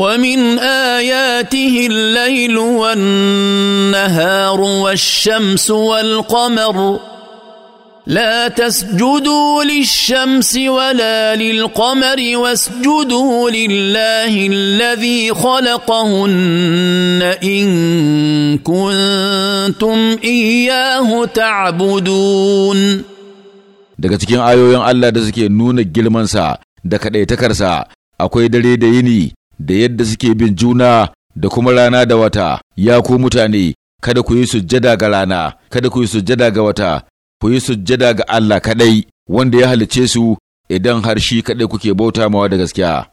ومن اياته الليل والنهار والشمس والقمر لا تسجدوا للشمس ولا للقمر واسجدوا لله الذي خلقهن ان كنتم اياه تعبدون daga cikin ayoyin Allah da suke nuna girmansa da kaɗaitakarsa akwai dare da yini da yadda suke bin juna da kuma rana da wata ya ku mutane kada ku yi sujjada ga rana kada ku yi sujjada ga wata ku yi sujjada ga Allah kaɗai wanda ya halice su idan har shi kadai kuke bauta mawa da gaskiya